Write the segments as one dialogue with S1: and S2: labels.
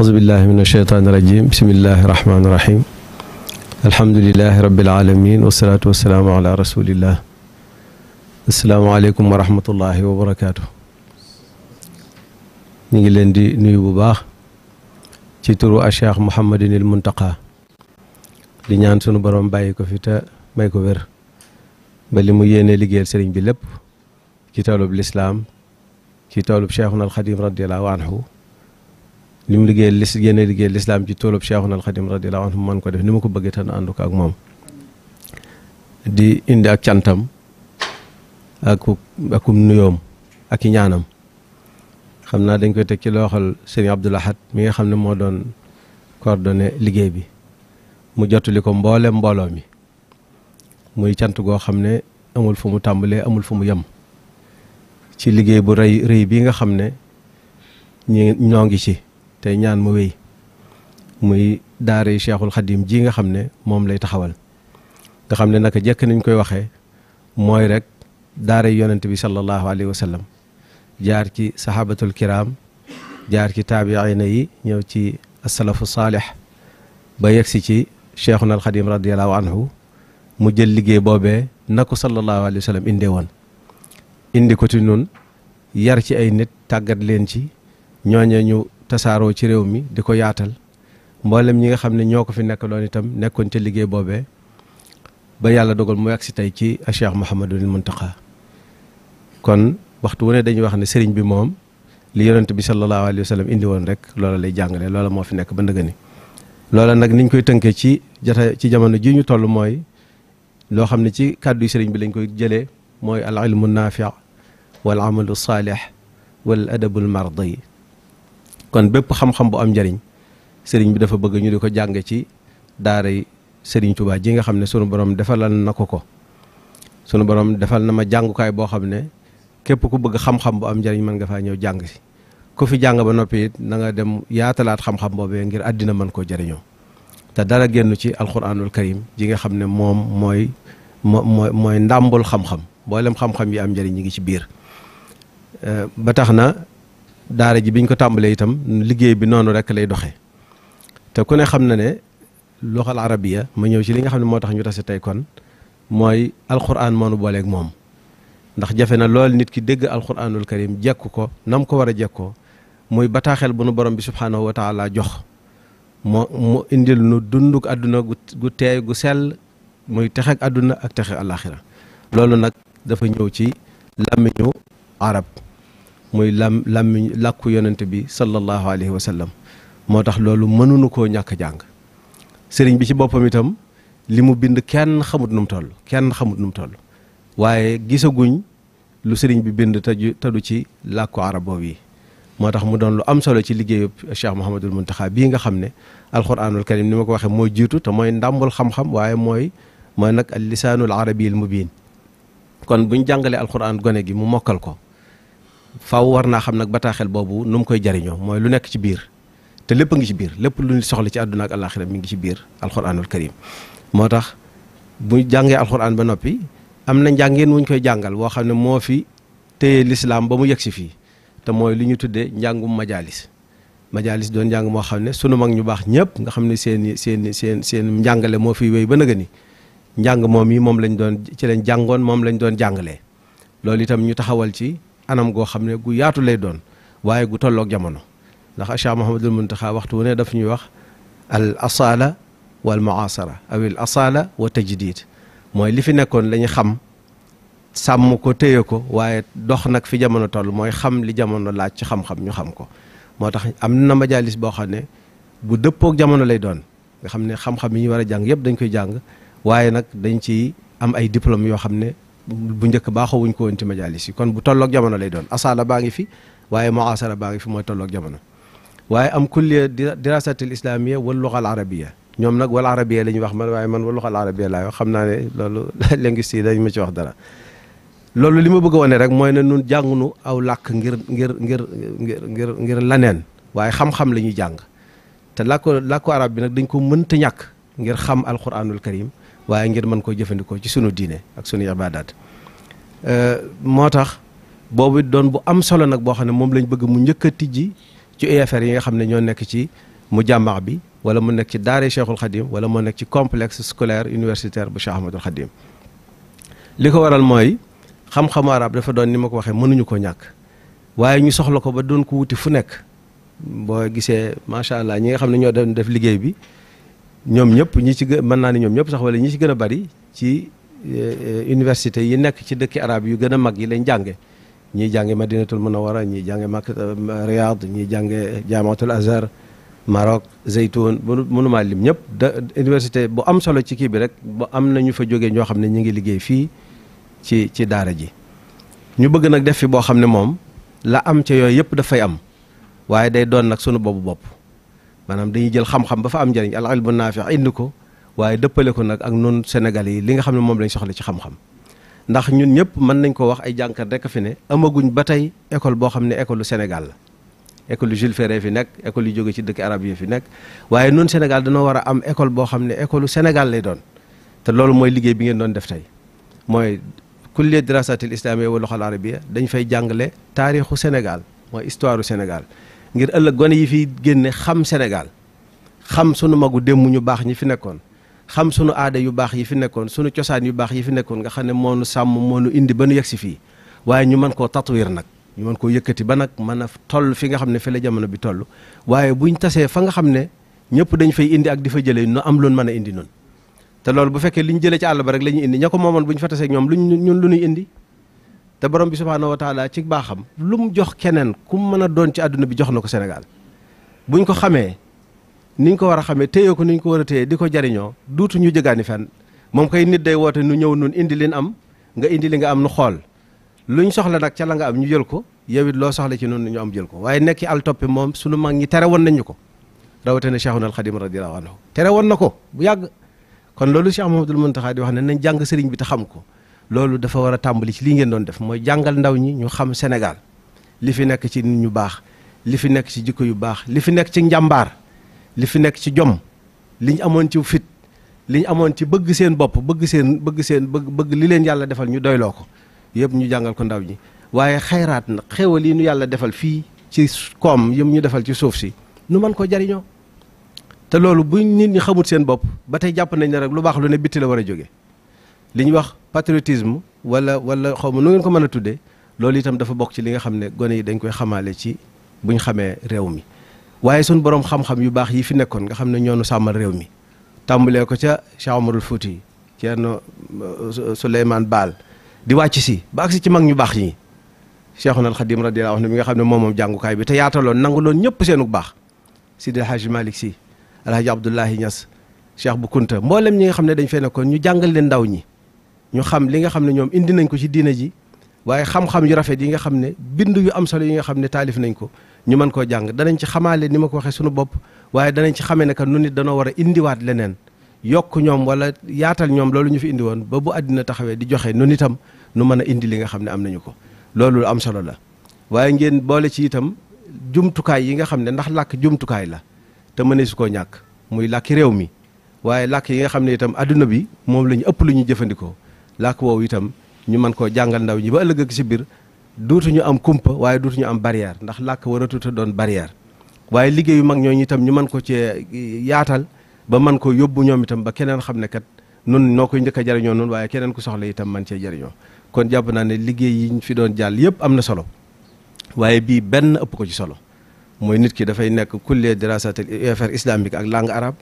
S1: أعوذ بالله من الشيطان الرجيم بسم الله الرحمن الرحيم الحمد لله رب العالمين والصلاة والسلام على رسول الله السلام عليكم ورحمة الله وبركاته ñu ngi leen di nuyu bu baax ci turu a Cheikh Mouhamadinil Muntaqa di ñaan sunu borom bàyyi ko fi te may ko wér ba li mu yéene liggéeyal sëriñ bi lépp ci toolub lislaam ci toolub Cheikhuna al Xadim radiallahu anhu li mu liggéey lis yéene liggéey lislaam ci toolub Cheikhuna al Xadim radiyallahu anhu man ko def ni ma ko bëggee te ànd ko ak moom di indi ak cantam ak akum nuyoom ak ki ñaanam xam naa dañ koy teg ci loxol Serigne Abdoul Ahad mi nga xam ne moo doon coordonné liggéey bi mu jottali ko mboolem mbooloo mi muy cant goo xam ne amul fu mu tàmbalee amul fu mu yem ci liggéey bu rëy rëy bii nga xam ne ñi ñoo ngi ci tey ñaan mu wéy muy daare cheikhul xadim ji nga xam ne moom lay taxawal nga xam ne naka jekk nañ koy waxee mooy rek daare yonent bi sallallahu alayhi wa sallam jaar ci sahabatul kiram jaar ci na yi ñëw ci asalafu saalih ba yegsi ci cheikhuna al xadim radiallahu anhu mu jël liggéey boobee na ko sallallahu alayhi indee woon indi ko ci nun yar ci ay nit tàggat leen ci ñooñe ñu tasaaroo ci réew mi di ko yaatal mboolem ñi nga xam ne ñoo ko fi nekk doon itam nekkoon ca liggéey boobee ba yàlla dogal mu si tey ci Cheikh Mouhamadul Muntaqa kon waxtu wu ne dañuy wax ne sëriñ bi moom li yonent bi sallallahu alayhi wa indi woon rek loola lay jàngale loola moo fi nekk ba ndëgë ni loola nag niñ koy tënkee ci jota ci jamono ji ñu toll mooy loo xam ne ci kàddu sëriñ bi lañ koy jëlee mooy al ilmu naafi wal amalu saalih wal adabul mardi kon bépp xam-xam bu am njariñ sëriñ bi dafa bëgg ñu di ko jànge ci daaray sëriñ Tuubaa ji nga xam ne sunu borom defalal na ko ko sunu borom defal na ma jàngukaay boo xam ne képp ku bëgg xam-xam bu am njariñ man nga faa ñëw jàng si ku fi jàng ba noppi it na nga dem yaatalaat xam-xam boobee ngir àddina mën koo jariñoo te dara génn ci alxuraanul karim ji nga xam ne moom mooy mooy mooy ndàmbul xam-xam mboolem xam-xam yi am njariñ ñi ngi ci biir eh, ba daara ji biñ ko tàmbalee itam liggéey bi noonu rek lay doxee te ku ne xam na ne loxal arabiya ma ñëw ci li nga xam ne moo tax ñu tase tey kon mooy alquran moo nu booleek moom ndax jafe na lool nit ki dégg alquranul karim jekku ko nam ko war a jekkoo muy bataaxel bu nu borom bi subhaanahu wa taala jox moo mu indil nu dunduk àdduna gu teey gu sell muy texeek àdduna ak texek àllaaxira loolu nag dafa ñëw ci làmmiñu arab muy lam làmmiñ làkku yonent bi sallallahu alayhi wa moo tax loolu mënuñu koo ñàkk jàng sëriñ bi ci boppam itam li mu bind kenn xamut nu mu toll kenn xamut nu mu toll waaye gisaguñ lu sëriñ bi bind te te ci làkku arab boobu moo tax mu doon lu am solo ci liggéeyub Cheikh Mouhamadul Mountakha bii nga xam ne alquranul karim ni ma ko waxee mooy jiitu te mooy ndàmbul xam-xam waaye mooy mooy nag al lisaanul arabi al kon buñ jàngalee alquran gone gi mu mokkal ko faw war naa xam nag bataaxel boobu nu mu koy jariñoo mooy lu nekk ci biir te lépp a ngi ci biir lépp lu ñu soxla ci àdduna ak àllaaxira mi ngi ci biir alxuraanul karim moo tax bu jàngee alxuraan ba noppi am na njàngeen wuñ koy jàngal woo xam ne moo fi téye lislaam ba mu yegg si fii te mooy li ñu tuddee njàngum majaalis majaalis doon njàng moo xam ne sunu mag ñu baax ñëpp nga xam ne seen seen seen seen njàngale moo fiy wéy ba naga ni njàng moom yi moom lañ doon ci lañ jàngoon moom lañ doon jàngalee loolu itam ñu taxawal ci anam goo xam ne gu yaatu lay doon waaye gu tolloog jamono ndax Cheikh Mouhamadul Muntaxa waxtu wu ne daf ñuy wax al asala wal muasara aw al asala wa tajdid mooy li fi nekkoon la ñu xam sàmm ko téye ko waaye dox nag fi jamono toll mooy xam li jamono laaj ci xam-xam ñu xam ko moo tax am na majalis boo xam ne gu dëppook jamono lay doon nga xam ne xam-xam yi ñu war a jàng yëpp dañ koy jàng waaye nag dañ ci am ay diplôme yoo xam ne bu njëkk baaxawuñ ko woon ci majalis yi kon bu tolloog jamono lay doon asaala baa ngi fi waaye muasara baa ngi fi mooy tolloog jamono waaye am kulliya dirasatil islamia wal luxa al arabia ñoom nag wal arabia la ñuy wax man waaye man wal luxa al arabia laay wax xam naa ne loolu linguiste yi dañ ci wax dara loolu li ma bëgg a wane rek mooy na nun jàngunu aw làkk ngir ngir ngir ngir ngir ngir laneen waaye xam-xam la ñuy jàng te làkku làkku arab bi nag dañ ko mënta ñàkk ngir xam alquranul karim waaye ngir mën koo jëfandikoo ci sunu diine ak sunu ibaadaat euh, moo tax boobu doon bu am solo nag boo xam ne moom lañ bëgg mu njëkk a tijji ci UFR e yi nga xam ne ñoo nekk ci mu jàmmax bi wala mu nekk ci daare Cheikhul Khadim wala mu nekk ci complexe scolaire universitaire bu Cheikh Ahmadul Khadim li ko waral mooy xam-xamu arab dafa doon ni ma ko waxee mënuñu ko ñàkk waaye ñu soxla ko ba doon ko wuti fu nekk boo gisee macha allah ñi nga xam ne ñoo doon def liggéey bi ñoom ñëpp ñi ci gën mën naa ne ñoom ñëpp sax wala ñi ci gën a bari ci eh, eh, université yi nekk ci dëkki arab yu gën a mag yi lañ jànge ñii jànge madinatul munawara ñii jànge mak eh, riyad ñii jànge jaamatul azhar Maroc Zeytoun maa lim ñëpp da université bu am solo ci kii bi rek bu am na ñu fa jógee ñoo xam ne ñu ngi liggéey fii ci ci daara ji ñu bëgg nag def fi boo xam ne moom la am ca yooyu yëpp dafay am waaye day doon nag sunu boobu bopp maanaam dañuy jël xam-xam ba fa am njariñ al ilmu naafi indi ko waaye dëppale ko nag ak noonu Sénégal yi li nga xam ne moom lañ soxla ci xam-xam ndax ñun ñëpp mën nañ koo wax ay jànkat rek fi ne amaguñ ba tey école boo xam ne école Sénégal la école Jules Ferry fi nekk école yu jóge ci dëkk arab yi fi nekk waaye noonu Sénégal dañoo war a am école boo xam ne école Sénégal lay doon te loolu mooy liggéey bi ngeen doon def tey mooy kulliya dirasatil islamiyya wal lughal arabiyya fay jàngale taarixu Sénégal mooy Sénégal ngir ëllëg gone yi fi génne xam Sénégal xam sunu magu démb ñu baax ñi fi nekkoon xam sunu aada yu baax yi fi nekkoon sunu cosaan yu baax yi fi nekkoon nga xam ne moo nu sàmm moo nu indi ba nu yegg fii waaye ñu mën koo tatwir nag ñu mën koo yëkkati ba nag mën a toll fi nga xam ne fi la jamono bi toll waaye bu ñu tasee fa nga xam ne ñëpp dañ fay indi ak di fa jëlee nu am loon mën a indi noon te loolu bu fekkee li ñu jëlee ci àll ba rek la ñuy indi ña ko moomoon bu ñu fa indi te borom bi subhaanahu wa taala ci baaxam lu mu jox keneen ku mu mën a doon ci àdduna bi jox na ko Sénégal buñ ko xamee niñ ko war a xamee téye ko niñ ko war a téye di ko jariñoo duutu ñu jëgaani fenn moom kay nit day woote nu ñëw nun indi leen am nga indi li nga am nu xool luñ soxla nag ca la nga am ñu jël ko yow it loo soxla ci noonu ñu am jël ko waaye nekki al toppi moom sunu mag ñi tere woon nañu ko rawatina Cheikhuna al Xadim radiyallahu anhu tere woon na ko bu yàgg kon loolu Cheikh Mahamadul Muntaxa di wax na nañ jàng sëriñ bi te xam ko loolu dafa war a tàmbali ci lii ngeen doon def mooy jàngal ndaw ñi ñu xam Sénégal li fi nekk ci ñu baax li fi nekk ci jikko yu baax li fi nekk ci njàmbaar li fi nekk ci jom li ñu amoon ci fit li ñu amoon ci bëgg seen bopp bëgg seen bëgg seen bëgg bëgg li leen yàlla defal ñu doyloo ko yëpp ñu jàngal ko ndaw ñi waaye xayraat na xéewal yi yàlla defal fii ci koom yëm ñu defal ci suuf si nu mën ko jariñoo te loolu bu nit ñi xamut seen bopp ba tey jàpp nañ ne rek lu baax lu ne bitti la war a jóge li ñuy wax patriotisme wala wala xaw ma nu ngeen ko mën a tuddee loolu itam dafa bokk ci li nga xam ne gone yi dañ koy xamaale ci buñ xamee réew mi waaye sun borom xam-xam yu baax yi fi nekkoon nga xam ne ñoonu sàmmal réew mi tàmbalee ko ca Cheikh Omarul Fouti Ceerno euh, Souleymane Baal di wàcc si ba agsi ci mag ñu baax ñi Cheikhul Khadim radiyallahu anhu mi nga xam ne moom moom bi te yaataloon nangu loon ñëpp seenu baax Sidi El Hadj Malick Sy El Hadj Abdoulahi Niass Cheikh bu Kunta mboolem ñi nga xam ne dañ fee nekkoon ñu jàngal leen ndaw ñi ñu xam li nga xam ne ñoom indi nañ ko ci diina ji waaye xam-xam yu rafet yi nga xam ne bind yu am solo yi nga xam ne taalif nañ ko ñu mën koo jàng danañ ci xamaale ni ma ko waxee suñu bopp waaye danañ ci xamee ne que nu nit danoo war a indiwaat leneen yokk ñoom wala yaatal ñoom loolu ñu fi indi woon ba bu àddina taxawee di joxe nu nitam nu mën a indi li nga xam ne am nañu ko loolu am solo la waaye ngeen boole ci itam jumtukaay yi nga xam ne ndax làkk jumtukaay la te mën mënee su ko ñàkk muy làkki réew mi waaye làkk yi nga xam ne itam adduna bi moom la ñu ëpp lu ñu jëfandikoo làkk woowu itam ñu mën koo jàngal ndaw ñi ba ëllëg ak si biir dootuñu am kumpa waaye dootuñu am barrière ndax làkk waratut doon barrière waaye liggéey yu mag ñooñu itam ñu mën ko cee yaatal ba mën ko yóbbu ñoom itam ba keneen xam ne kat noonu noo koy njëkk jariñoo noonu waaye keneen ku soxla itam man cee jariñoo kon jàpp naa ne liggéey yi ñu fi doon jàll yëpp am na solo waaye bii benn ëpp ko ci solo mooy nit ki dafay nekk kulliyat dirasatil affaire islamique ak langue arabe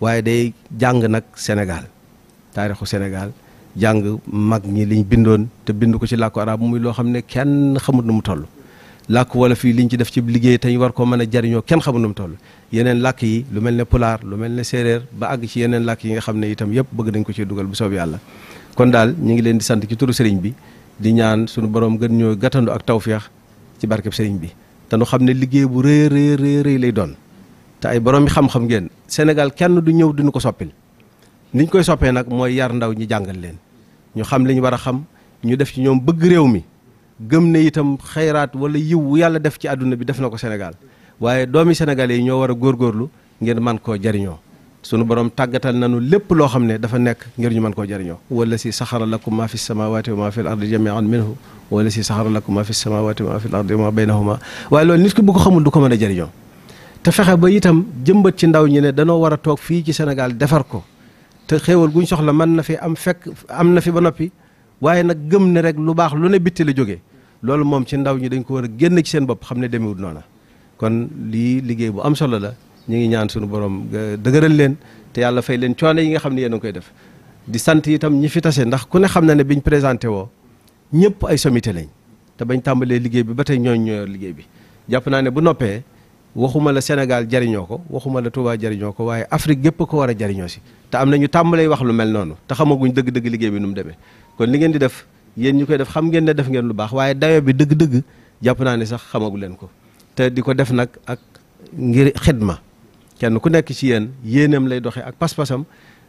S1: waaye day jàng nag Sénégal taarixu Sénégal jàng mag ñi liñ bindoon te bind ko ci làkk arab muy loo xam ne kenn xamut nu mu toll làkk wala fii liñ ci def ci liggéey te ñu war koo mën a jariñoo kenn xamut nu mu toll yeneen làkk yi lu mel ne pulaar lu mel ne séeréer ba àgg ci yeneen làkk yi nga xam ne itam yëpp bëgg nañ ko ci dugal bu soob yàlla kon daal ñu ngi leen di sant ci turu sëriñ bi di ñaan suñu boroom gën ñoo gàttandu ak tawféex ci barkeb sëriñ bi te nu xam ne liggéey bu rëy rëy doon te ay borom yi xam-xam Sénégal kenn du ñëw duñu ko soppil niñ koy soppee nag mooy yar ndaw ñi jàngal leen ñu xam li war a xam ñu def ci ñoom bëgg réew mi gëm ne itam xayraat wala yiw yàlla def ci àdduna bi def na ko Sénégal waaye doomi Sénégalais yi ñoo war a góorgóorlu ngir man koo jariñoo sunu borom tàggatal nañu lépp loo xam ne dafa nekk ngir ñu mën koo jariñoo wala si saxara lakum ma fi sama wa ma fi l ardi jamian minhu wala si saxara lakum ma fi samawati wa ma fi l ardi ma baynahuma waaye loolu nit ki bu ko xamul du ko mën a jariñoo te fexe ba itam jëmbat ci ndaw ñi ne danoo war a toog fii ci Sénégal defar ko te xéewal guñ soxla man na fi am fekk am na fi ba noppi waaye nag gëm ne rek lu baax lu ne bitti la jóge loolu moom ci ndaw ñi dañ ko war a génn ci seen bopp xam ne demewul noona kon lii liggéey bu am solo la ñu ngi ñaan suñu borom euh, dëgëral leen te yàlla fay leen coono yi nga xam ne yéen a koy def di sant itam ñi fi tase ndax ku ne xam na ne biñ présenté woo ñëpp ay sommité lañ te bañ tàmbalee liggéey bi ba tey ñooñ ñoo liggéey bi jàpp naa ne bu noppee waxuma la Sénégal jariñoo ko waxuma la Touba jariñoo ko waaye Afrique gépp ko war a jariñoo si te am na ñu tàmbalee wax lu mel noonu te xamaguñ dëgg-dëgg liggéey bi nu mu demee kon li ngeen di def yéen ñu koy def xam ngeen ne def ngeen lu baax waaye dayo bi dëgg jàpp naa ne sax xamagu leen ko te di ko def nag ak ngir xidma kenn ku nekk ci yéen yéenam lay doxee ak pas-pasam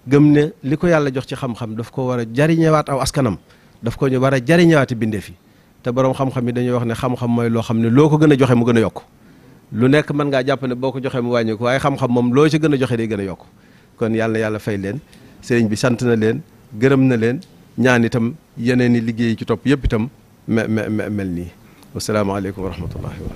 S1: gëm ne li ko yàlla jox ci xam-xam daf ko war a jariñewaat aw askanam daf ko ñu war a jariñewaati bindeef yi te borom xam-xam yi dañuy wax ne xam-xam mooy loo xam ne loo ko gën a joxe mu gën a yokk lu nekk mën ngaa jàpp ne boo ko joxee mu wàññi ko waaye xam-xam moom loo ci gën a joxe day gën a yokk kon yàlla yàlla fay leen sëriñ bi sant na leen gërëm na leen ñaan itam yeneen i liggéey ci topp yëpp itam me me mel nii wasalaamaaleykum wa rahmatullahi